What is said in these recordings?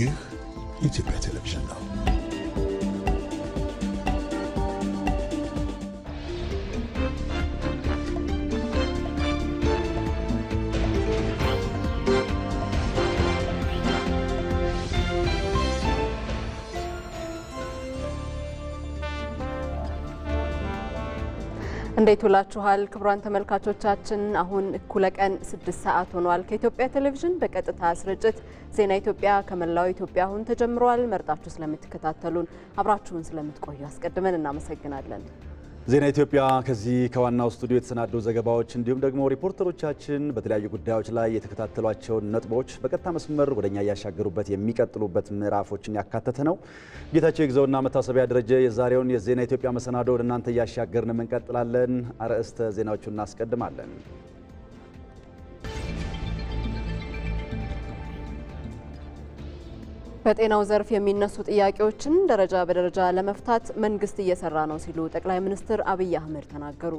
you into your television now. እንዴት ውላችኋል ክቡራን ተመልካቾቻችን። አሁን እኩለ ቀን ስድስት ሰዓት ሆኗል። ከኢትዮጵያ ቴሌቪዥን በቀጥታ ስርጭት ዜና ኢትዮጵያ ከመላው ኢትዮጵያ አሁን ተጀምሯል። መርጣችሁ ስለምትከታተሉን አብራችሁን ስለምትቆዩ አስቀድመን እናመሰግናለን። ዜና ኢትዮጵያ ከዚህ ከዋናው ስቱዲዮ የተሰናዱ ዘገባዎች እንዲሁም ደግሞ ሪፖርተሮቻችን በተለያዩ ጉዳዮች ላይ የተከታተሏቸውን ነጥቦች በቀጥታ መስመር ወደኛ እያሻገሩበት የሚቀጥሉበት ምዕራፎችን ያካተተ ነው። ጌታቸው የግዘውና መታሰቢያ ደረጀ የዛሬውን የዜና ኢትዮጵያ መሰናዶ ወደ እናንተ እያሻገርን እንቀጥላለን። አርዕስተ ዜናዎቹን እናስቀድማለን። በጤናው ዘርፍ የሚነሱ ጥያቄዎችን ደረጃ በደረጃ ለመፍታት መንግስት እየሰራ ነው ሲሉ ጠቅላይ ሚኒስትር አብይ አህመድ ተናገሩ።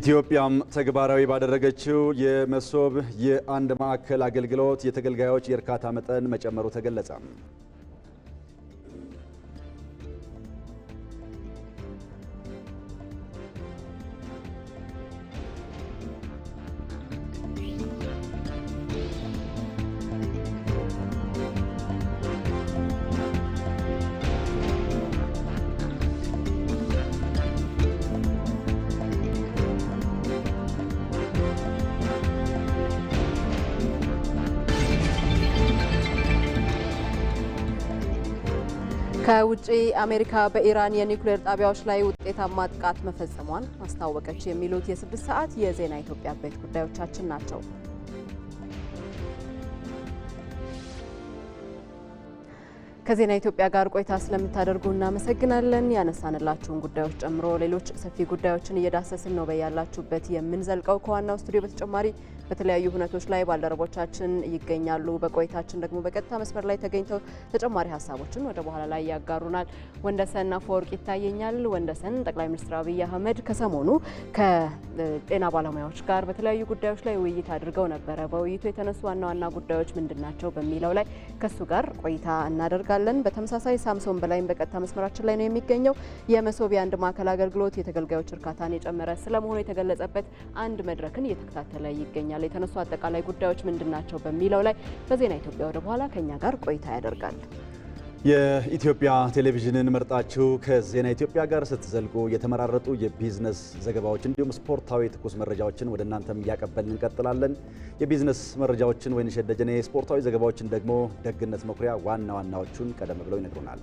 ኢትዮጵያም ተግባራዊ ባደረገችው የመሶብ የአንድ ማዕከል አገልግሎት የተገልጋዮች የእርካታ መጠን መጨመሩ ተገለጸ። ከውጭ አሜሪካ በኢራን የኒውክሌር ጣቢያዎች ላይ ውጤታማ ጥቃት መፈጸሟን አስታወቀች። የሚሉት የስድስት ሰዓት የዜና ኢትዮጵያ ቤት ጉዳዮቻችን ናቸው። ከዜና ኢትዮጵያ ጋር ቆይታ ስለምታደርጉ እናመሰግናለን። ያነሳንላችሁን ጉዳዮች ጨምሮ ሌሎች ሰፊ ጉዳዮችን እየዳሰስን ነው። በያላችሁበት የምንዘልቀው ከዋናው ስቱዲዮ በተጨማሪ በተለያዩ ሁነቶች ላይ ባልደረቦቻችን ይገኛሉ። በቆይታችን ደግሞ በቀጥታ መስመር ላይ ተገኝተው ተጨማሪ ሀሳቦችን ወደ በኋላ ላይ ያጋሩናል። ወንደሰን አፈወርቅ ይታየኛል። ወንደሰን ጠቅላይ ሚኒስትር አብይ አህመድ ከሰሞኑ ከጤና ባለሙያዎች ጋር በተለያዩ ጉዳዮች ላይ ውይይት አድርገው ነበረ። በውይይቱ የተነሱ ዋና ዋና ጉዳዮች ምንድን ናቸው በሚለው ላይ ከሱ ጋር ቆይታ እናደርጋለን። በተመሳሳይ ሳምሶን በላይም በቀጥታ መስመራችን ላይ ነው የሚገኘው። የመሶብ የአንድ ማዕከል አገልግሎት የተገልጋዮች እርካታን የጨመረ ስለመሆኑ የተገለጸበት አንድ መድረክን እየተከታተለ ይገኛል። ይገኛል። የተነሱ አጠቃላይ ጉዳዮች ምንድን ናቸው በሚለው ላይ በዜና ኢትዮጵያ ወደ በኋላ ከእኛ ጋር ቆይታ ያደርጋል። የኢትዮጵያ ቴሌቪዥንን መርጣችሁ ከዜና ኢትዮጵያ ጋር ስትዘልቁ የተመራረጡ የቢዝነስ ዘገባዎች እንዲሁም ስፖርታዊ ትኩስ መረጃዎችን ወደ እናንተም እያቀበልን እንቀጥላለን። የቢዝነስ መረጃዎችን ወይንሸት ደጀኔ፣ ስፖርታዊ ዘገባዎችን ደግሞ ደግነት መኩሪያ ዋና ዋናዎቹን ቀደም ብለው ይነግሩናል።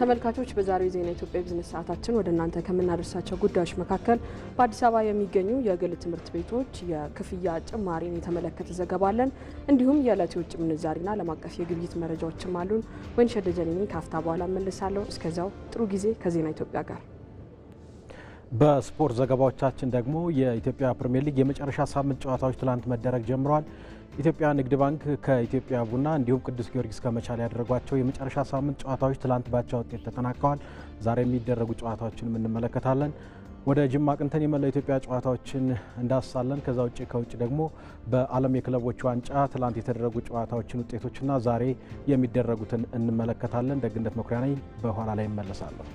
ተመልካቾች በዛሬው ዜና ኢትዮጵያ ቢዝነስ ሰዓታችን ወደ እናንተ ከምናደርሳቸው ጉዳዮች መካከል በአዲስ አበባ የሚገኙ የግል ትምህርት ቤቶች የክፍያ ጭማሪን የተመለከተ ዘገባ አለን። እንዲሁም የዕለት የውጭ ምንዛሪና ዓለም አቀፍ የግብይት መረጃዎችም አሉን። ወይንሸት ካፍታ በኋላ መልሳለሁ። እስከዚያው ጥሩ ጊዜ ከዜና ኢትዮጵያ ጋር። በስፖርት ዘገባዎቻችን ደግሞ የኢትዮጵያ ፕሪምየር ሊግ የመጨረሻ ሳምንት ጨዋታዎች ትላንት መደረግ ጀምረዋል። ኢትዮጵያ ንግድ ባንክ ከኢትዮጵያ ቡና እንዲሁም ቅዱስ ጊዮርጊስ ከመቻል ያደረጓቸው የመጨረሻ ሳምንት ጨዋታዎች ትላንት ባቻ ውጤት ተጠናቀዋል። ዛሬ የሚደረጉ ጨዋታዎችን እንመለከታለን። ወደ ጅማ ቅንተን የመላው ኢትዮጵያ ጨዋታዎችን እንዳስሳለን። ከዛ ውጭ ከውጭ ደግሞ በዓለም የክለቦች ዋንጫ ትላንት የተደረጉ ጨዋታዎችን ውጤቶችና ዛሬ የሚደረጉትን እንመለከታለን። ደግነት መኩሪያ ነኝ። በኋላ ላይ እመለሳለሁ።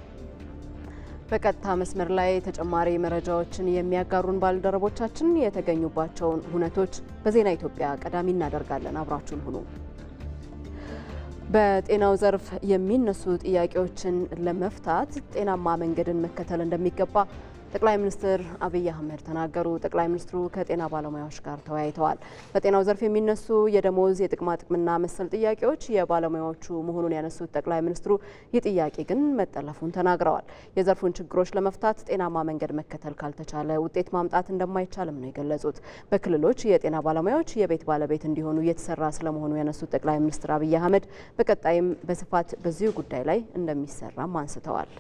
በቀጥታ መስመር ላይ ተጨማሪ መረጃዎችን የሚያጋሩን ባልደረቦቻችን የተገኙባቸውን ሁነቶች በዜና ኢትዮጵያ ቀዳሚ እናደርጋለን። አብራችሁን ሁኑ። በጤናው ዘርፍ የሚነሱ ጥያቄዎችን ለመፍታት ጤናማ መንገድን መከተል እንደሚገባ ጠቅላይ ሚኒስትር አብይ አህመድ ተናገሩ። ጠቅላይ ሚኒስትሩ ከጤና ባለሙያዎች ጋር ተወያይተዋል። በጤናው ዘርፍ የሚነሱ የደሞዝ የጥቅማ ጥቅምና መሰል ጥያቄዎች የባለሙያዎቹ መሆኑን ያነሱት ጠቅላይ ሚኒስትሩ ይህ ጥያቄ ግን መጠለፉን ተናግረዋል። የዘርፉን ችግሮች ለመፍታት ጤናማ መንገድ መከተል ካልተቻለ ውጤት ማምጣት እንደማይቻልም ነው የገለጹት። በክልሎች የጤና ባለሙያዎች የቤት ባለቤት እንዲሆኑ እየተሰራ ስለመሆኑ ያነሱት ጠቅላይ ሚኒስትር አብይ አህመድ በቀጣይም በስፋት በዚሁ ጉዳይ ላይ እንደሚሰራም አንስተዋል።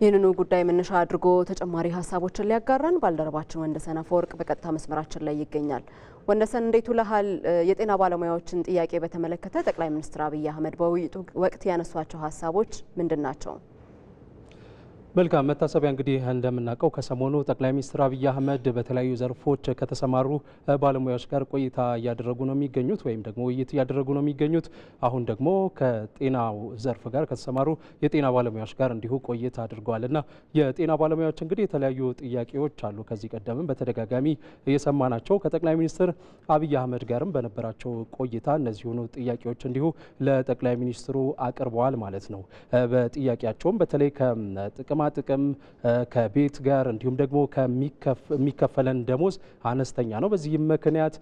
ይህንኑ ጉዳይ መነሻ አድርጎ ተጨማሪ ሀሳቦችን ሊያጋራን ባልደረባችን ወንደሰን አፈወርቅ በቀጥታ መስመራችን ላይ ይገኛል። ወንደሰን እንዴት ውለሃል? የጤና ባለሙያዎችን ጥያቄ በተመለከተ ጠቅላይ ሚኒስትር አብይ አህመድ በውይይቱ ወቅት ያነሷቸው ሀሳቦች ምንድን ናቸው? መልካም መታሰቢያ እንግዲህ እንደምናውቀው ከሰሞኑ ጠቅላይ ሚኒስትር አብይ አህመድ በተለያዩ ዘርፎች ከተሰማሩ ባለሙያዎች ጋር ቆይታ እያደረጉ ነው የሚገኙት ወይም ደግሞ ውይይት እያደረጉ ነው የሚገኙት። አሁን ደግሞ ከጤናው ዘርፍ ጋር ከተሰማሩ የጤና ባለሙያዎች ጋር እንዲሁ ቆይታ አድርገዋል እና የጤና ባለሙያዎች እንግዲህ የተለያዩ ጥያቄዎች አሉ። ከዚህ ቀደምም በተደጋጋሚ የሰማናቸው ከጠቅላይ ሚኒስትር አብይ አህመድ ጋርም በነበራቸው ቆይታ እነዚሁኑ ጥያቄዎች እንዲሁ ለጠቅላይ ሚኒስትሩ አቅርበዋል ማለት ነው። በጥያቄያቸውም በተለይ ከጥቅማ ጥቅም ከቤት ጋር እንዲሁም ደግሞ የሚከፈለን ደሞዝ አነስተኛ ነው። በዚህም ምክንያት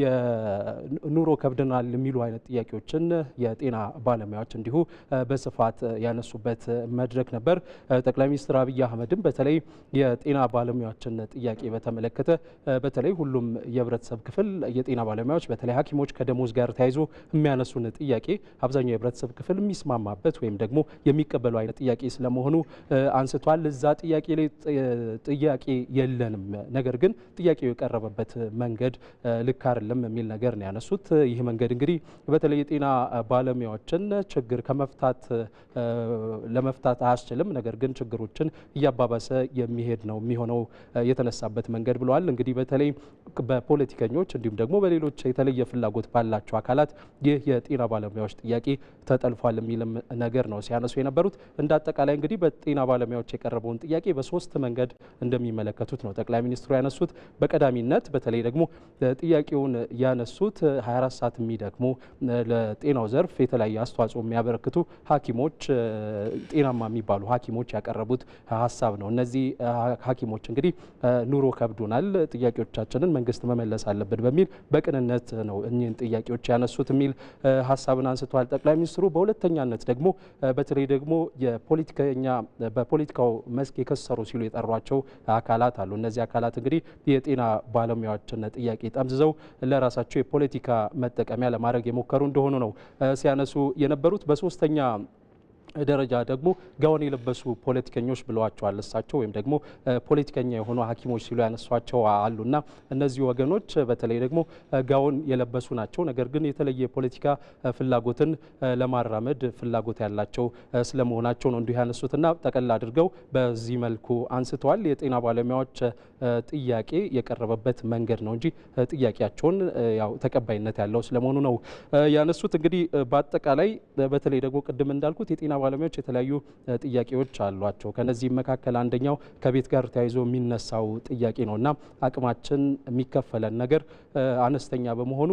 የኑሮ ከብድናል የሚሉ አይነት ጥያቄዎችን የጤና ባለሙያዎች እንዲሁ በስፋት ያነሱበት መድረክ ነበር። ጠቅላይ ሚኒስትር አብይ አህመድም በተለይ የጤና ባለሙያዎችን ጥያቄ በተመለከተ በተለይ ሁሉም የህብረተሰብ ክፍል የጤና ባለሙያዎች በተለይ ሐኪሞች ከደሞዝ ጋር ተያይዞ የሚያነሱን ጥያቄ አብዛኛው የህብረተሰብ ክፍል የሚስማማበት ወይም ደግሞ የሚቀበሉ አይነት ጥያቄ ስለመሆኑ አንስቷል። እዛ ጥያቄ ላይ ጥያቄ የለንም፣ ነገር ግን ጥያቄው የቀረበበት መንገድ ልክ አይደለም የሚል ነገር ነው ያነሱት። ይህ መንገድ እንግዲህ በተለይ የጤና ባለሙያዎችን ችግር ከመፍታት ለመፍታት አያስችልም፣ ነገር ግን ችግሮችን እያባባሰ የሚሄድ ነው የሚሆነው የተነሳበት መንገድ ብለዋል። እንግዲህ በተለይ በፖለቲከኞች እንዲሁም ደግሞ በሌሎች የተለየ ፍላጎት ባላቸው አካላት ይህ የጤና ባለሙያዎች ጥያቄ ተጠልፏል የሚልም ነገር ነው ሲያነሱ የነበሩት። እንደ አጠቃላይ እንግዲህ በጤና ባለሙያ ባለሙያዎች የቀረበውን ጥያቄ በሶስት መንገድ እንደሚመለከቱት ነው ጠቅላይ ሚኒስትሩ ያነሱት። በቀዳሚነት በተለይ ደግሞ ጥያቄውን ያነሱት 24 ሰዓት የሚደክሙ ለጤናው ዘርፍ የተለያየ አስተዋጽኦ የሚያበረክቱ ሐኪሞች ጤናማ የሚባሉ ሐኪሞች ያቀረቡት ሀሳብ ነው። እነዚህ ሐኪሞች እንግዲህ ኑሮ ከብዶናል፣ ጥያቄዎቻችንን መንግስት መመለስ አለብን በሚል በቅንነት ነው እኚህን ጥያቄዎች ያነሱት የሚል ሀሳብን አንስተዋል ጠቅላይ ሚኒስትሩ። በሁለተኛነት ደግሞ በተለይ ደግሞ የፖለቲከኛ በፖለቲካው መስክ የከሰሩ ሲሉ የጠሯቸው አካላት አሉ። እነዚህ አካላት እንግዲህ የጤና ባለሙያዎችን ጥያቄ ጠምዝዘው ለራሳቸው የፖለቲካ መጠቀሚያ ለማድረግ የሞከሩ እንደሆኑ ነው ሲያነሱ የነበሩት በሶስተኛ ደረጃ ደግሞ ጋውን የለበሱ ፖለቲከኞች ብለዋቸዋል እሳቸው ወይም ደግሞ ፖለቲከኛ የሆኑ ሀኪሞች ሲሉ ያነሷቸው አሉና እነዚህ ወገኖች በተለይ ደግሞ ጋውን የለበሱ ናቸው። ነገር ግን የተለየ ፖለቲካ ፍላጎትን ለማራመድ ፍላጎት ያላቸው ስለመሆናቸው ነው እንዲህ ያነሱትና ጠቀል አድርገው በዚህ መልኩ አንስተዋል። የጤና ባለሙያዎች ጥያቄ የቀረበበት መንገድ ነው እንጂ ጥያቄያቸውን ያው ተቀባይነት ያለው ስለመሆኑ ነው ያነሱት። እንግዲህ በአጠቃላይ በተለይ ደግሞ ቅድም እንዳልኩት የጤና ባለሙያዎች የተለያዩ ጥያቄዎች አሏቸው። ከነዚህም መካከል አንደኛው ከቤት ጋር ተያይዞ የሚነሳው ጥያቄ ነው እና አቅማችን የሚከፈለን ነገር አነስተኛ በመሆኑ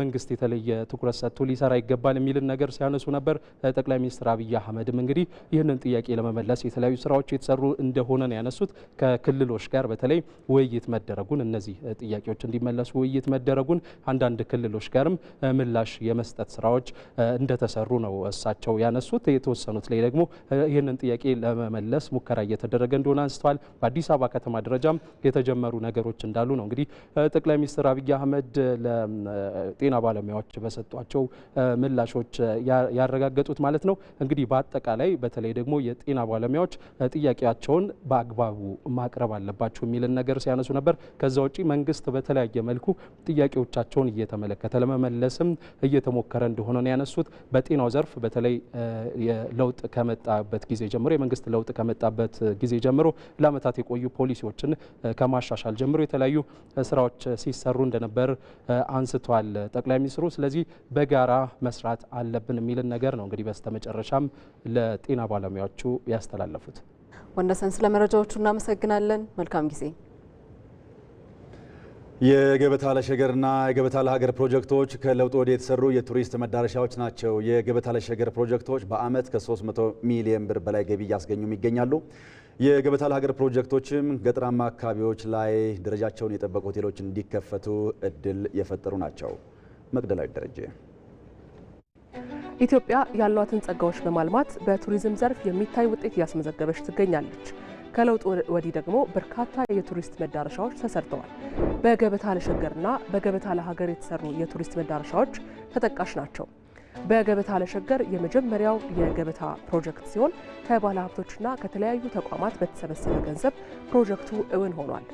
መንግስት የተለየ ትኩረት ሰጥቶ ሊሰራ ይገባል የሚልን ነገር ሲያነሱ ነበር። ጠቅላይ ሚኒስትር አብይ አህመድም እንግዲህ ይህንን ጥያቄ ለመመለስ የተለያዩ ስራዎች የተሰሩ እንደሆነ ነው ያነሱት። ከክልሎች ጋር በተለይ ውይይት መደረጉን እነዚህ ጥያቄዎች እንዲመለሱ ውይይት መደረጉን አንዳንድ ክልሎች ጋርም ምላሽ የመስጠት ስራዎች እንደተሰሩ ነው እሳቸው ያነሱት የተወሰኑ የተወሰኑት ላይ ደግሞ ይህንን ጥያቄ ለመመለስ ሙከራ እየተደረገ እንደሆነ አንስተዋል። በአዲስ አበባ ከተማ ደረጃም የተጀመሩ ነገሮች እንዳሉ ነው እንግዲህ ጠቅላይ ሚኒስትር አብይ አህመድ ለጤና ባለሙያዎች በሰጧቸው ምላሾች ያረጋገጡት ማለት ነው። እንግዲህ በአጠቃላይ በተለይ ደግሞ የጤና ባለሙያዎች ጥያቄያቸውን በአግባቡ ማቅረብ አለባቸው የሚልን ነገር ሲያነሱ ነበር። ከዛ ውጪ መንግስት በተለያየ መልኩ ጥያቄዎቻቸውን እየተመለከተ ለመመለስም እየተሞከረ እንደሆነ ነው ያነሱት። በጤናው ዘርፍ በተለይ ለውጥ ከመጣበት ጊዜ ጀምሮ የመንግስት ለውጥ ከመጣበት ጊዜ ጀምሮ ለአመታት የቆዩ ፖሊሲዎችን ከማሻሻል ጀምሮ የተለያዩ ስራዎች ሲሰሩ እንደነበር አንስቷል ጠቅላይ ሚኒስትሩ። ስለዚህ በጋራ መስራት አለብን የሚልን ነገር ነው እንግዲህ በስተመጨረሻም ለጤና ባለሙያዎቹ ያስተላለፉት። ወንደሰን፣ ስለ መረጃዎቹ እናመሰግናለን። መልካም ጊዜ የገበታ ለሸገርና የገበታ ለሀገር ፕሮጀክቶች ከለውጥ ወዲህ የተሰሩ የቱሪስት መዳረሻዎች ናቸው። የገበታ ለሸገር ፕሮጀክቶች በዓመት ከ300 ሚሊዮን ብር በላይ ገቢ እያስገኙም ይገኛሉ። የገበታ ለሀገር ፕሮጀክቶችም ገጠራማ አካባቢዎች ላይ ደረጃቸውን የጠበቁ ሆቴሎች እንዲከፈቱ እድል የፈጠሩ ናቸው። መቅደላዊ ደረጀ ኢትዮጵያ ያሏትን ጸጋዎች በማልማት በቱሪዝም ዘርፍ የሚታይ ውጤት እያስመዘገበች ትገኛለች። ከለውጥ ወዲህ ደግሞ በርካታ የቱሪስት መዳረሻዎች ተሰርተዋል። በገበታ ለሸገርና በገበታ ለሀገር የተሰሩ የቱሪስት መዳረሻዎች ተጠቃሽ ናቸው። በገበታ ለሸገር የመጀመሪያው የገበታ ፕሮጀክት ሲሆን ከባለ ሀብቶችና ከተለያዩ ተቋማት በተሰበሰበ ገንዘብ ፕሮጀክቱ እውን ሆኗል።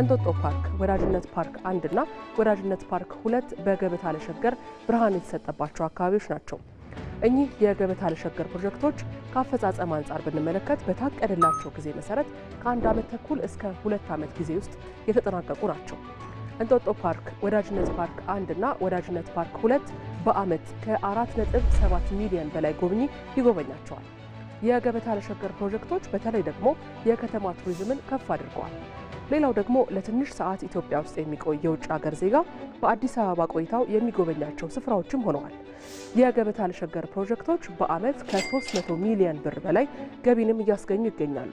እንጦጦ ፓርክ፣ ወዳጅነት ፓርክ አንድና ወዳጅነት ፓርክ ሁለት በገበታ ለሸገር ብርሃን የተሰጠባቸው አካባቢዎች ናቸው። እኚህ የገበታ ለሸገር ፕሮጀክቶች ከአፈጻጸም አንጻር ብንመለከት በታቀደላቸው ጊዜ መሰረት ከአንድ ዓመት ተኩል እስከ ሁለት ዓመት ጊዜ ውስጥ የተጠናቀቁ ናቸው። እንጦጦ ፓርክ፣ ወዳጅነት ፓርክ አንድ እና ወዳጅነት ፓርክ ሁለት በዓመት ከ 47 ሚሊዮን በላይ ጎብኚ ይጎበኛቸዋል። የገበታ ለሸገር ፕሮጀክቶች በተለይ ደግሞ የከተማ ቱሪዝምን ከፍ አድርገዋል። ሌላው ደግሞ ለትንሽ ሰዓት ኢትዮጵያ ውስጥ የሚቆይ የውጭ ሀገር ዜጋ በአዲስ አበባ ቆይታው የሚጎበኛቸው ስፍራዎችም ሆነዋል። የገበታ ለሸገር ፕሮጀክቶች በዓመት ከ300 ሚሊዮን ብር በላይ ገቢንም እያስገኙ ይገኛሉ።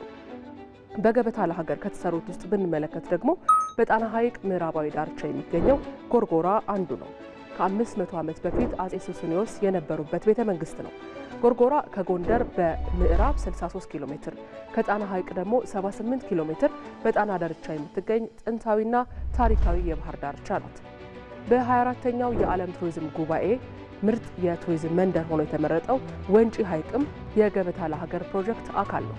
በገበታ ለሀገር ከተሰሩት ውስጥ ብንመለከት ደግሞ በጣና ሐይቅ ምዕራባዊ ዳርቻ የሚገኘው ጎርጎራ አንዱ ነው። ከ500 ዓመት በፊት አጼ ሱስንዮስ የነበሩበት ቤተ መንግስት ነው። ጎርጎራ ከጎንደር በምዕራብ 63 ኪሎ ሜትር፣ ከጣና ሐይቅ ደግሞ 78 ኪሎ ሜትር በጣና ዳርቻ የምትገኝ ጥንታዊና ታሪካዊ የባህር ዳርቻ ናት። በ24ተኛው የዓለም ቱሪዝም ጉባኤ ምርጥ የቱሪዝም መንደር ሆኖ የተመረጠው ወንጪ ሐይቅም የገበታ ለሀገር ፕሮጀክት አካል ነው።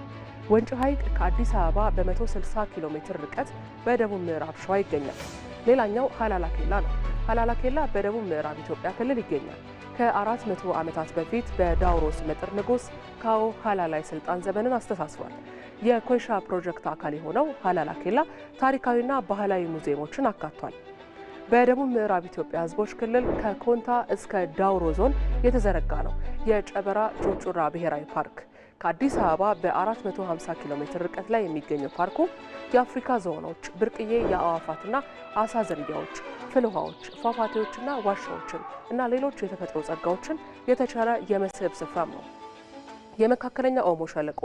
ወንጪ ሐይቅ ከአዲስ አበባ በ160 ኪሎ ሜትር ርቀት በደቡብ ምዕራብ ሸዋ ይገኛል። ሌላኛው ሀላላ ኬላ ነው። ሀላላ ኬላ በደቡብ ምዕራብ ኢትዮጵያ ክልል ይገኛል። ከአራት መቶ ዓመታት በፊት በዳውሮ ስመጥር ንጉሥ ካዎ ሃላላይ ስልጣን ዘመንን አስተሳስሯል። የኮይሻ ፕሮጀክት አካል የሆነው ሃላላ ኬላ ታሪካዊና ባህላዊ ሙዚየሞችን አካቷል። በደቡብ ምዕራብ ኢትዮጵያ ሕዝቦች ክልል ከኮንታ እስከ ዳውሮ ዞን የተዘረጋ ነው የጨበራ ጩርጩራ ብሔራዊ ፓርክ ከአዲስ አበባ በ450 ኪሎ ሜትር ርቀት ላይ የሚገኘው ፓርኩ የአፍሪካ ዝሆኖች፣ ብርቅዬ የአዕዋፋትና አሳ ዝርያዎች፣ ፍልውሃዎች፣ ፏፏቴዎችና ዋሻዎችን እና ሌሎች የተፈጥሮ ጸጋዎችን የተቻለ የመስህብ ስፍራም ነው። የመካከለኛ ኦሞ ሸለቆ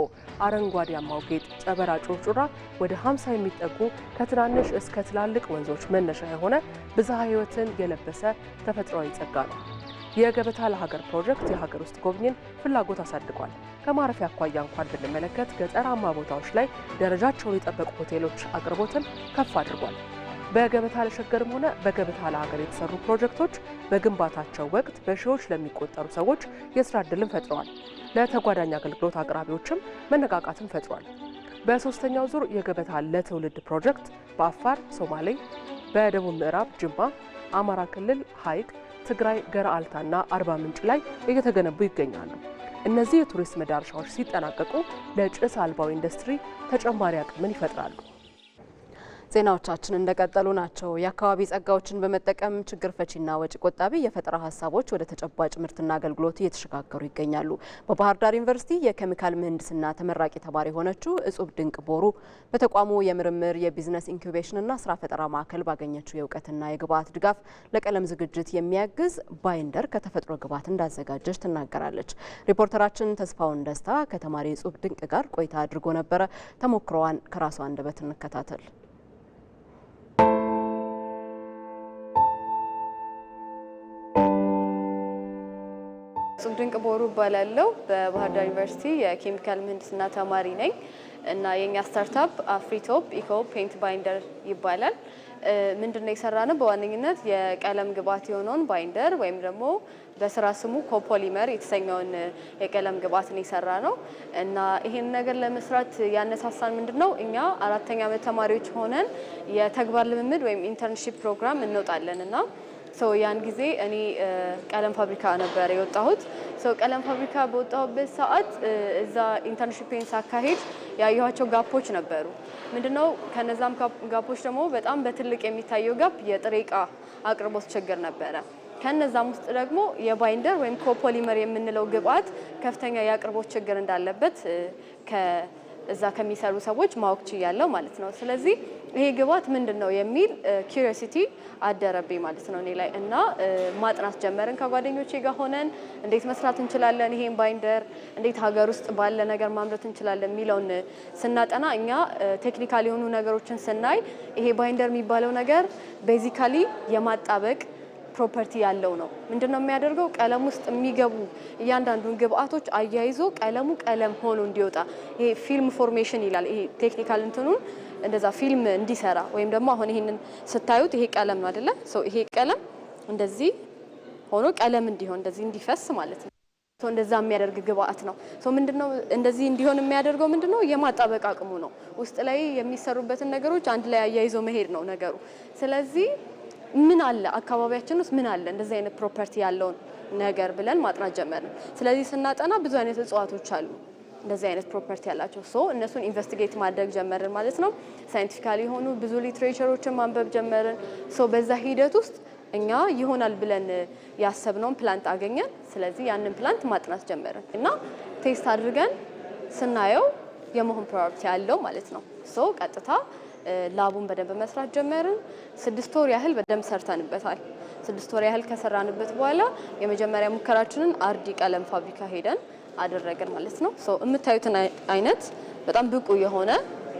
አረንጓዴያማው ጌጥ ጨበራ ጩርጩራ ወደ 50 የሚጠጉ ከትናንሽ እስከ ትላልቅ ወንዞች መነሻ የሆነ ብዝሃ ሕይወትን የለበሰ ተፈጥሯዊ ጸጋ ነው። የገበታ ለሀገር ፕሮጀክት የሀገር ውስጥ ጎብኚን ፍላጎት አሳድጓል። ከማረፊያ አኳያ እንኳን ብንመለከት ገጠራማ ቦታዎች ላይ ደረጃቸውን የጠበቁ ሆቴሎች አቅርቦትን ከፍ አድርጓል። በገበታ ለሸገርም ሆነ በገበታ ለሀገር የተሰሩ ፕሮጀክቶች በግንባታቸው ወቅት በሺዎች ለሚቆጠሩ ሰዎች የስራ እድልን ፈጥረዋል። ለተጓዳኝ አገልግሎት አቅራቢዎችም መነቃቃትን ፈጥሯል። በሶስተኛው ዙር የገበታ ለትውልድ ፕሮጀክት በአፋር፣ ሶማሌ፣ በደቡብ ምዕራብ ጅማ፣ አማራ ክልል ሀይቅ ትግራይ፣ ና አርባ ምንጭ ላይ እየተገነቡ ይገኛሉ። እነዚህ የቱሪስት መዳረሻዎች ሲጠናቀቁ ለጭስ አልባው ኢንዱስትሪ ተጨማሪ አቅምን ይፈጥራሉ። ዜናዎቻችን እንደቀጠሉ ናቸው። የአካባቢ ጸጋዎችን በመጠቀም ችግር ፈቺና ወጪ ቆጣቢ የፈጠራ ሀሳቦች ወደ ተጨባጭ ምርትና አገልግሎት እየተሸጋገሩ ይገኛሉ። በባህር ዳር ዩኒቨርሲቲ የኬሚካል ምህንድስና ተመራቂ ተማሪ የሆነችው እጹብ ድንቅ ቦሩ በተቋሙ የምርምር የቢዝነስ ኢንኩቤሽንና ስራ ፈጠራ ማዕከል ባገኘችው የእውቀትና የግብዓት ድጋፍ ለቀለም ዝግጅት የሚያግዝ ባይንደር ከተፈጥሮ ግብዓት እንዳዘጋጀች ትናገራለች። ሪፖርተራችን ተስፋውን ደስታ ከተማሪ እጹብ ድንቅ ጋር ቆይታ አድርጎ ነበረ። ተሞክሮዋን ከራሷ አንደበት እንከታተል። ድንቅ ቦሩ እባላለሁ። በባህር ዳር ዩኒቨርሲቲ የኬሚካል ምህንድስና ተማሪ ነኝ እና የኛ ስታርታፕ አፍሪቶፕ ኢኮ ፔንት ባይንደር ይባላል። ምንድነው የሰራ ነው? በዋነኝነት የቀለም ግብዓት የሆነውን ባይንደር ወይም ደግሞ በስራ ስሙ ኮፖሊመር የተሰኘውን የቀለም ግብዓት ነው የሰራ ነው እና ይሄን ነገር ለመስራት ያነሳሳን ምንድነው እኛ አራተኛ ዓመት ተማሪዎች ሆነን የተግባር ልምምድ ወይም ኢንተርንሺፕ ፕሮግራም እንወጣለን እና ሰው ያን ጊዜ እኔ ቀለም ፋብሪካ ነበር የወጣሁት። ሰው ቀለም ፋብሪካ በወጣሁበት ሰዓት እዛ ኢንተርንሽፔን ሳካሄድ ያየኋቸው ጋፖች ነበሩ። ምንድነው ከነዛም ጋፖች ደግሞ በጣም በትልቅ የሚታየው ጋፕ የጥሬ እቃ አቅርቦት ችግር ነበረ። ከነዛም ውስጥ ደግሞ የባይንደር ወይም ኮፖሊመር የምንለው ግብአት ከፍተኛ የአቅርቦት ችግር እንዳለበት እዛ ከሚሰሩ ሰዎች ማወቅ ችያለው ማለት ነው። ስለዚህ ይሄ ግብዓት ምንድን ነው የሚል ኪሪዮሲቲ አደረብኝ ማለት ነው እኔ ላይ እና ማጥናት ጀመርን ከጓደኞቼ ጋር ሆነን እንዴት መስራት እንችላለን፣ ይሄን ባይንደር እንዴት ሀገር ውስጥ ባለ ነገር ማምረት እንችላለን የሚለውን ስናጠና እኛ ቴክኒካል የሆኑ ነገሮችን ስናይ ይሄ ባይንደር የሚባለው ነገር ቤዚካሊ የማጣበቅ ፕሮፐርቲ ያለው ነው። ምንድነው የሚያደርገው? ቀለም ውስጥ የሚገቡ እያንዳንዱን ግብአቶች አያይዞ ቀለሙ ቀለም ሆኖ እንዲወጣ ይሄ ፊልም ፎርሜሽን ይላል። ይሄ ቴክኒካል እንትኑን እንደዛ ፊልም እንዲሰራ ወይም ደግሞ አሁን ይሄንን ስታዩት ይሄ ቀለም ነው አይደለ? ሰው ይሄ ቀለም እንደዚህ ሆኖ ቀለም እንዲሆን እንደዚህ እንዲፈስ ማለት ነው። ሶ እንደዛ የሚያደርግ ግብአት ነው። ሶ ምንድነው እንደዚህ እንዲሆን የሚያደርገው ምንድነው የማጣበቅ አቅሙ ነው። ውስጥ ላይ የሚሰሩበትን ነገሮች አንድ ላይ አያይዞ መሄድ ነው ነገሩ። ስለዚህ ምን አለ አካባቢያችን ውስጥ ምን አለ እንደዚህ አይነት ፕሮፐርቲ ያለውን ነገር ብለን ማጥናት ጀመርን። ስለዚህ ስናጠና ብዙ አይነት እጽዋቶች አሉ እንደዚህ አይነት ፕሮፐርቲ ያላቸው ሶ እነሱን ኢንቨስቲጌት ማድረግ ጀመርን ማለት ነው። ሳይንቲፊካሊ የሆኑ ብዙ ሊትሬቸሮችን ማንበብ ጀመርን። ሶ በዛ ሂደት ውስጥ እኛ ይሆናል ብለን ያሰብነውን ፕላንት አገኘን። ስለዚህ ያንን ፕላንት ማጥናት ጀመርን እና ቴስት አድርገን ስናየው የመሆን ፕሮባብቲ ያለው ማለት ነው ሶ ቀጥታ ላቡን በደንብ መስራት ጀመርን። ስድስት ወር ያህል በደንብ ሰርተንበታል። ስድስት ወር ያህል ከሰራንበት በኋላ የመጀመሪያ ሙከራችንን አርዲ ቀለም ፋብሪካ ሄደን አደረገን ማለት ነው። የምታዩትን አይነት በጣም ብቁ የሆነ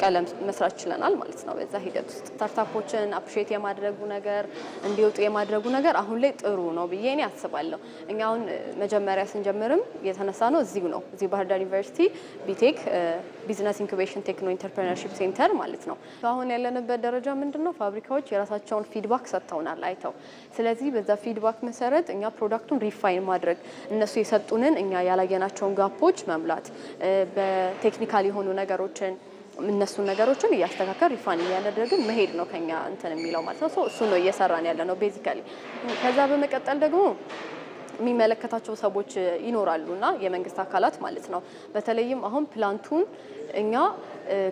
ቀለም መስራት ችለናል ማለት ነው። በዛ ሂደት ውስጥ ስታርታፖችን አፕሪሼት የማድረጉ ነገር እንዲወጡ የማድረጉ ነገር አሁን ላይ ጥሩ ነው ብዬ እኔ አስባለሁ። እኛ አሁን መጀመሪያ ስንጀምርም የተነሳ ነው እዚሁ ነው እዚሁ ባህር ዳር ዩኒቨርሲቲ ቢቴክ ቢዝነስ ኢንኩቤሽን ቴክኖ ኢንተርፕረነርሺፕ ሴንተር ማለት ነው። አሁን ያለንበት ደረጃ ምንድን ነው? ፋብሪካዎች የራሳቸውን ፊድባክ ሰጥተውናል አይተው። ስለዚህ በዛ ፊድባክ መሰረት እኛ ፕሮዳክቱን ሪፋይን ማድረግ እነሱ የሰጡንን እኛ ያላየናቸውን ጋፖች መምላት በቴክኒካል የሆኑ ነገሮችን እነሱን ነገሮችን እያስተካከል ሪፋን እያደረግን መሄድ ነው ከኛ እንትን የሚለው ማለት ነው። እሱ ነው እየሰራን ያለ ነው ቤዚካሊ። ከዛ በመቀጠል ደግሞ የሚመለከታቸው ሰዎች ይኖራሉና የመንግስት አካላት ማለት ነው። በተለይም አሁን ፕላንቱን እኛ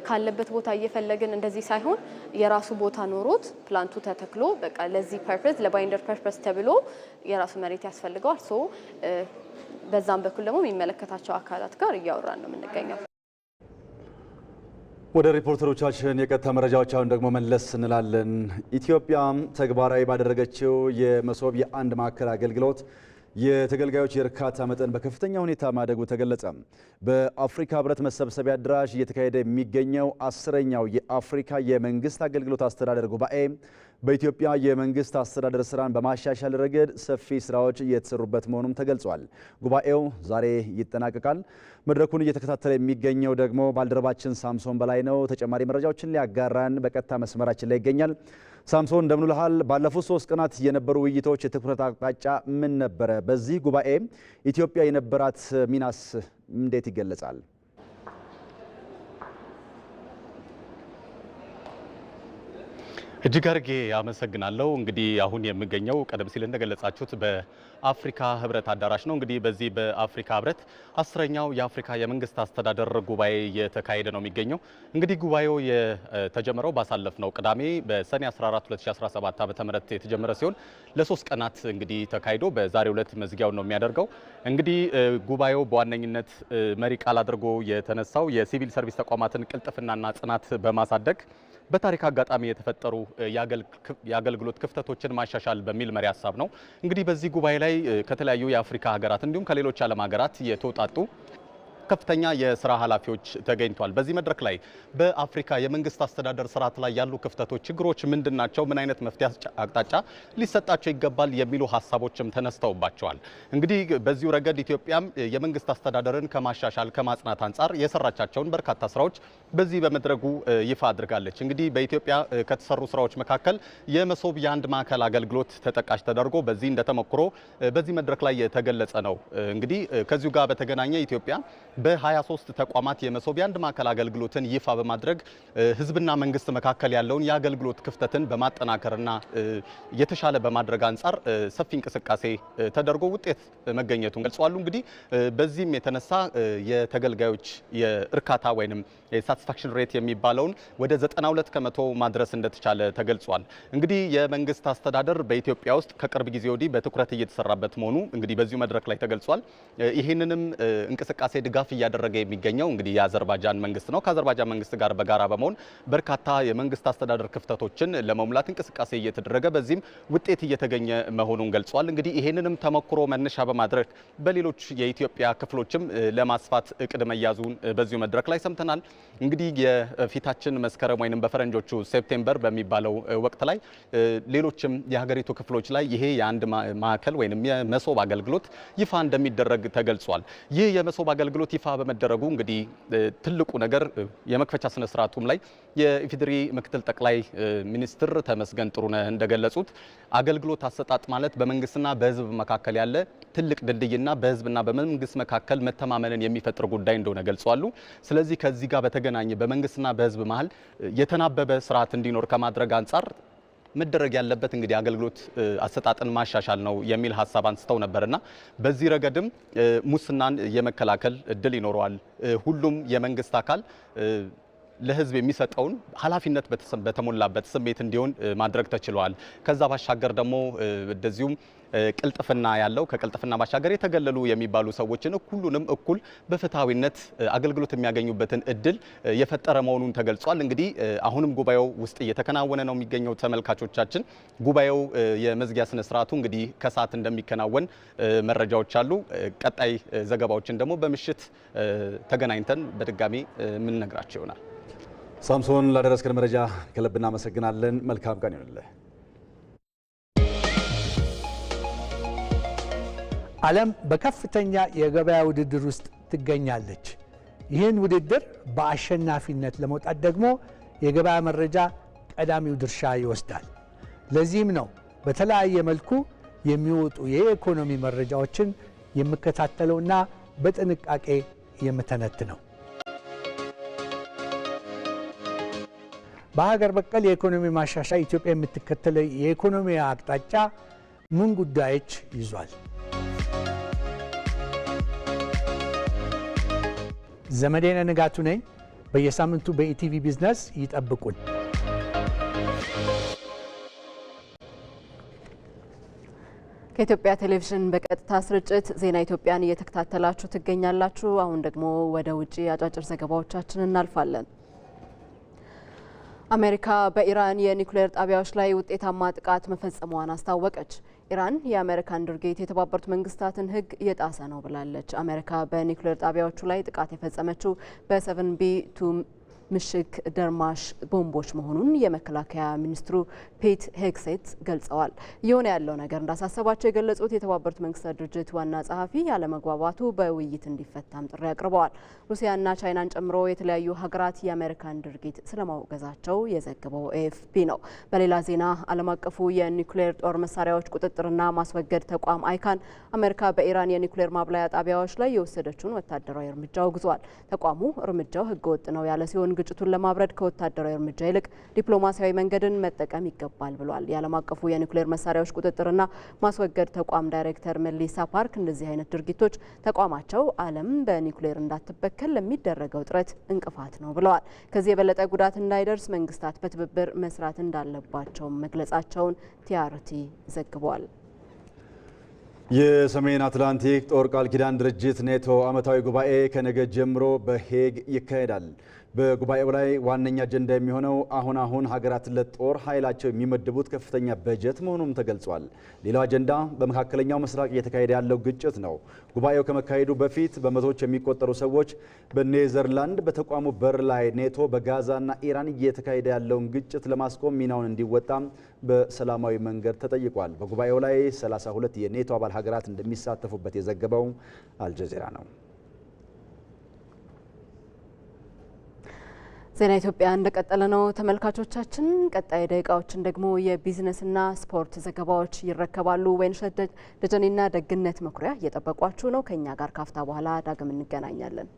ካለበት ቦታ እየፈለግን እንደዚህ ሳይሆን የራሱ ቦታ ኖሮት ፕላንቱ ተተክሎ በቃ ለዚህ ፐርፐስ ለባይንደር ፐርፐስ ተብሎ የራሱ መሬት ያስፈልገዋል። ሶ በዛም በኩል ደግሞ የሚመለከታቸው አካላት ጋር እያወራን ነው የምንገኘው። ወደ ሪፖርተሮቻችን የቀጥታ መረጃዎች አሁን ደግሞ መለስ እንላለን። ኢትዮጵያ ተግባራዊ ባደረገችው የመሶብ የአንድ ማዕከል አገልግሎት የተገልጋዮች የእርካታ መጠን በከፍተኛ ሁኔታ ማደጉ ተገለጸ። በአፍሪካ ሕብረት መሰብሰቢያ አዳራሽ እየተካሄደ የሚገኘው አስረኛው የአፍሪካ የመንግስት አገልግሎት አስተዳደር ጉባኤ በኢትዮጵያ የመንግስት አስተዳደር ስራን በማሻሻል ረገድ ሰፊ ስራዎች እየተሰሩበት መሆኑም ተገልጿል። ጉባኤው ዛሬ ይጠናቀቃል። መድረኩን እየተከታተለ የሚገኘው ደግሞ ባልደረባችን ሳምሶን በላይ ነው። ተጨማሪ መረጃዎችን ሊያጋራን በቀጥታ መስመራችን ላይ ይገኛል። ሳምሶን እንደምን ልሃል? ባለፉት ሶስት ቀናት የነበሩ ውይይቶች የትኩረት አቅጣጫ ምን ነበረ? በዚህ ጉባኤ ኢትዮጵያ የነበራት ሚናስ እንዴት ይገለጻል? እጅግ አርጌ አመሰግናለሁ። እንግዲህ አሁን የምገኘው ቀደም ሲል እንደገለጻችሁት በአፍሪካ ህብረት አዳራሽ ነው። እንግዲህ በዚህ በአፍሪካ ህብረት አስረኛው የአፍሪካ የመንግስት አስተዳደር ጉባኤ እየተካሄደ ነው የሚገኘው። እንግዲህ ጉባኤው የተጀመረው ነው ቅዳሜ በሰኔ 14 2017 ዓ ም የተጀመረ ሲሆን ለሶስት ቀናት እንግዲህ ተካሂዶ በዛሬው ዕለት መዝጊያውን ነው የሚያደርገው። እንግዲህ ጉባኤው በዋነኝነት መሪ ቃል አድርጎ የተነሳው የሲቪል ሰርቪስ ተቋማትን ቅልጥፍናና ጽናት በማሳደግ በታሪክ አጋጣሚ የተፈጠሩ የአገልግሎት ክፍተቶችን ማሻሻል በሚል መሪ ሀሳብ ነው። እንግዲህ በዚህ ጉባኤ ላይ ከተለያዩ የአፍሪካ ሀገራት እንዲሁም ከሌሎች ዓለም ሀገራት የተውጣጡ ከፍተኛ የስራ ኃላፊዎች ተገኝቷል። በዚህ መድረክ ላይ በአፍሪካ የመንግስት አስተዳደር ስርዓት ላይ ያሉ ክፍተቶች፣ ችግሮች ምንድን ናቸው? ምን አይነት መፍትሄ አቅጣጫ ሊሰጣቸው ይገባል? የሚሉ ሀሳቦችም ተነስተውባቸዋል። እንግዲህ በዚሁ ረገድ ኢትዮጵያም የመንግስት አስተዳደርን ከማሻሻል ከማጽናት አንጻር የሰራቻቸውን በርካታ ስራዎች በዚህ በመድረጉ ይፋ አድርጋለች። እንግዲህ በኢትዮጵያ ከተሰሩ ስራዎች መካከል የመሶብ የአንድ ማዕከል አገልግሎት ተጠቃሽ ተደርጎ በዚህ እንደተሞክሮ በዚህ መድረክ ላይ የተገለጸ ነው። እንግዲህ ከዚሁ ጋር በተገናኘ ኢትዮጵያ በ23 ተቋማት የመሶብ የአንድ ማዕከል አገልግሎትን ይፋ በማድረግ ህዝብና መንግስት መካከል ያለውን የአገልግሎት ክፍተትን በማጠናከርና የተሻለ በማድረግ አንጻር ሰፊ እንቅስቃሴ ተደርጎ ውጤት መገኘቱን ገልጸዋል። እንግዲህ በዚህም የተነሳ የተገልጋዮች የእርካታ ወይንም የሳቲስፋክሽን ሬት የሚባለውን ወደ 92 ከመቶ ማድረስ እንደተቻለ ተገልጿል። እንግዲህ የመንግስት አስተዳደር በኢትዮጵያ ውስጥ ከቅርብ ጊዜ ወዲህ በትኩረት እየተሰራበት መሆኑ እንግዲህ በዚሁ መድረክ ላይ ተገልጿል። ይህንንም እንቅስቃሴ ድጋፍ እያደረገ የሚገኘው እንግዲህ የአዘርባጃን መንግስት ነው። ከአዘርባጃን መንግስት ጋር በጋራ በመሆን በርካታ የመንግስት አስተዳደር ክፍተቶችን ለመሙላት እንቅስቃሴ እየተደረገ በዚህም ውጤት እየተገኘ መሆኑን ገልጿል። እንግዲህ ይህንንም ተሞክሮ መነሻ በማድረግ በሌሎች የኢትዮጵያ ክፍሎችም ለማስፋት እቅድ መያዙን በዚሁ መድረክ ላይ ሰምተናል። እንግዲህ የፊታችን መስከረም ወይም በፈረንጆቹ ሴፕቴምበር በሚባለው ወቅት ላይ ሌሎችም የሀገሪቱ ክፍሎች ላይ ይሄ የአንድ ማዕከል ወይም የመሶብ አገልግሎት ይፋ እንደሚደረግ ተገልጿል። ይህ የመሶብ አገልግሎት ይፋ በመደረጉ እንግዲህ ትልቁ ነገር የመክፈቻ ስነ ላይ የኢፌዴሪ ምክትል ጠቅላይ ሚኒስትር ተመስገን ጥሩነህ እንደገለጹት አገልግሎት አሰጣጥ ማለት በመንግስትና በህዝብ መካከል ያለ ትልቅ ድልድይና በህዝብና በመንግስት መካከል መተማመንን የሚፈጥር ጉዳይ እንደሆነ ገልጿሉ። ስለዚህ ከዚህ ጋር በተገናኘ በመንግስትና በህዝብ መሀል የተናበበ ስርዓት እንዲኖር ከማድረግ አንጻር መደረግ ያለበት እንግዲህ አገልግሎት አሰጣጥን ማሻሻል ነው የሚል ሀሳብ አንስተው ነበርና በዚህ ረገድም ሙስናን የመከላከል እድል ይኖረዋል። ሁሉም የመንግስት አካል ለህዝብ የሚሰጠውን ኃላፊነት በተሞላበት ስሜት እንዲሆን ማድረግ ተችሏል። ከዛ ባሻገር ደግሞ እንደዚሁም ቅልጥፍና ያለው ከቅልጥፍና ባሻገር የተገለሉ የሚባሉ ሰዎችን ሁሉንም እኩል በፍትሐዊነት አገልግሎት የሚያገኙበትን እድል የፈጠረ መሆኑን ተገልጿል። እንግዲህ አሁንም ጉባኤው ውስጥ እየተከናወነ ነው የሚገኘው። ተመልካቾቻችን ጉባኤው የመዝጊያ ስነ ስርዓቱ እንግዲህ ከሰዓት እንደሚከናወን መረጃዎች አሉ። ቀጣይ ዘገባዎችን ደግሞ በምሽት ተገናኝተን በድጋሚ የምንነግራቸው ይሆናል። ሳምሶን፣ ላደረስከን መረጃ ከልብ እናመሰግናለን። መልካም ቀን ይሆንልህ። ዓለም በከፍተኛ የገበያ ውድድር ውስጥ ትገኛለች። ይህን ውድድር በአሸናፊነት ለመውጣት ደግሞ የገበያ መረጃ ቀዳሚው ድርሻ ይወስዳል። ለዚህም ነው በተለያየ መልኩ የሚወጡ የኢኮኖሚ መረጃዎችን የምከታተለውና በጥንቃቄ የምተነትነው። በሀገር በቀል የኢኮኖሚ ማሻሻያ ኢትዮጵያ የምትከተለው የኢኮኖሚ አቅጣጫ ምን ጉዳዮች ይዟል? ዘመዴነ ንጋቱ ነኝ። በየሳምንቱ በኢቲቪ ቢዝነስ ይጠብቁን። ከኢትዮጵያ ቴሌቪዥን በቀጥታ ስርጭት ዜና ኢትዮጵያን እየተከታተላችሁ ትገኛላችሁ። አሁን ደግሞ ወደ ውጭ አጫጭር ዘገባዎቻችን እናልፋለን። አሜሪካ በኢራን የኒውክሌር ጣቢያዎች ላይ ውጤታማ ጥቃት መፈጸመዋን አስታወቀች። ኢራን የአሜሪካን ድርጊት የተባበሩት መንግስታትን ሕግ የጣሰ ነው ብላለች። አሜሪካ በኒውክሌር ጣቢያዎቹ ላይ ጥቃት የፈጸመችው በሰቨን ቢ ቱ ምሽግ ደርማሽ ቦምቦች መሆኑን የመከላከያ ሚኒስትሩ ፔት ሄግሴት ገልጸዋል። እየሆነ ያለው ነገር እንዳሳሰባቸው የገለጹት የተባበሩት መንግስታት ድርጅት ዋና ጸሐፊ ያለመግባባቱ በውይይት እንዲፈታም ጥሪ አቅርበዋል። ሩሲያና ቻይናን ጨምሮ የተለያዩ ሀገራት የአሜሪካን ድርጊት ስለማውገዛቸው የዘገበው ኤኤፍፒ ነው። በሌላ ዜና ዓለም አቀፉ የኒውክሌር ጦር መሳሪያዎች ቁጥጥርና ማስወገድ ተቋም አይካን አሜሪካ በኢራን የኒውክሌር ማብላያ ጣቢያዎች ላይ የወሰደችውን ወታደራዊ እርምጃ አውግዟል። ተቋሙ እርምጃው ህገወጥ ነው ያለ ሲሆን በኩል ግጭቱን ለማብረድ ከወታደራዊ እርምጃ ይልቅ ዲፕሎማሲያዊ መንገድን መጠቀም ይገባል ብሏል። የዓለም አቀፉ የኒውክሌር መሳሪያዎች ቁጥጥርና ማስወገድ ተቋም ዳይሬክተር መሊሳ ፓርክ እንደዚህ አይነት ድርጊቶች ተቋማቸው ዓለም በኒውክሌር እንዳትበከል ለሚደረገው ጥረት እንቅፋት ነው ብለዋል። ከዚህ የበለጠ ጉዳት እንዳይደርስ መንግስታት በትብብር መስራት እንዳለባቸው መግለጻቸውን ቲአርቲ ዘግቧል። የሰሜን አትላንቲክ ጦር ቃል ኪዳን ድርጅት ኔቶ ዓመታዊ ጉባኤ ከነገ ጀምሮ በሄግ ይካሄዳል። በጉባኤው ላይ ዋነኛ አጀንዳ የሚሆነው አሁን አሁን ሀገራት ለጦር ኃይላቸው የሚመድቡት ከፍተኛ በጀት መሆኑም ተገልጿል። ሌላው አጀንዳ በመካከለኛው ምስራቅ እየተካሄደ ያለው ግጭት ነው። ጉባኤው ከመካሄዱ በፊት በመቶዎች የሚቆጠሩ ሰዎች በኔዘርላንድ በተቋሙ በር ላይ ኔቶ በጋዛና ኢራን እየተካሄደ ያለውን ግጭት ለማስቆም ሚናውን እንዲወጣ በሰላማዊ መንገድ ተጠይቋል። በጉባኤው ላይ 32 የኔቶ አባል ሀገራት እንደሚሳተፉበት የዘገበው አልጀዚራ ነው። ዜና ኢትዮጵያ እንደቀጠለ ነው ተመልካቾቻችን። ቀጣይ ደቂቃዎችን ደግሞ የቢዝነስና ስፖርት ዘገባዎች ይረከባሉ። ወይንሸት ደጀኔና ደግነት መኩሪያ እየጠበቋችሁ ነው። ከእኛ ጋር ካፍታ በኋላ ዳግም እንገናኛለን።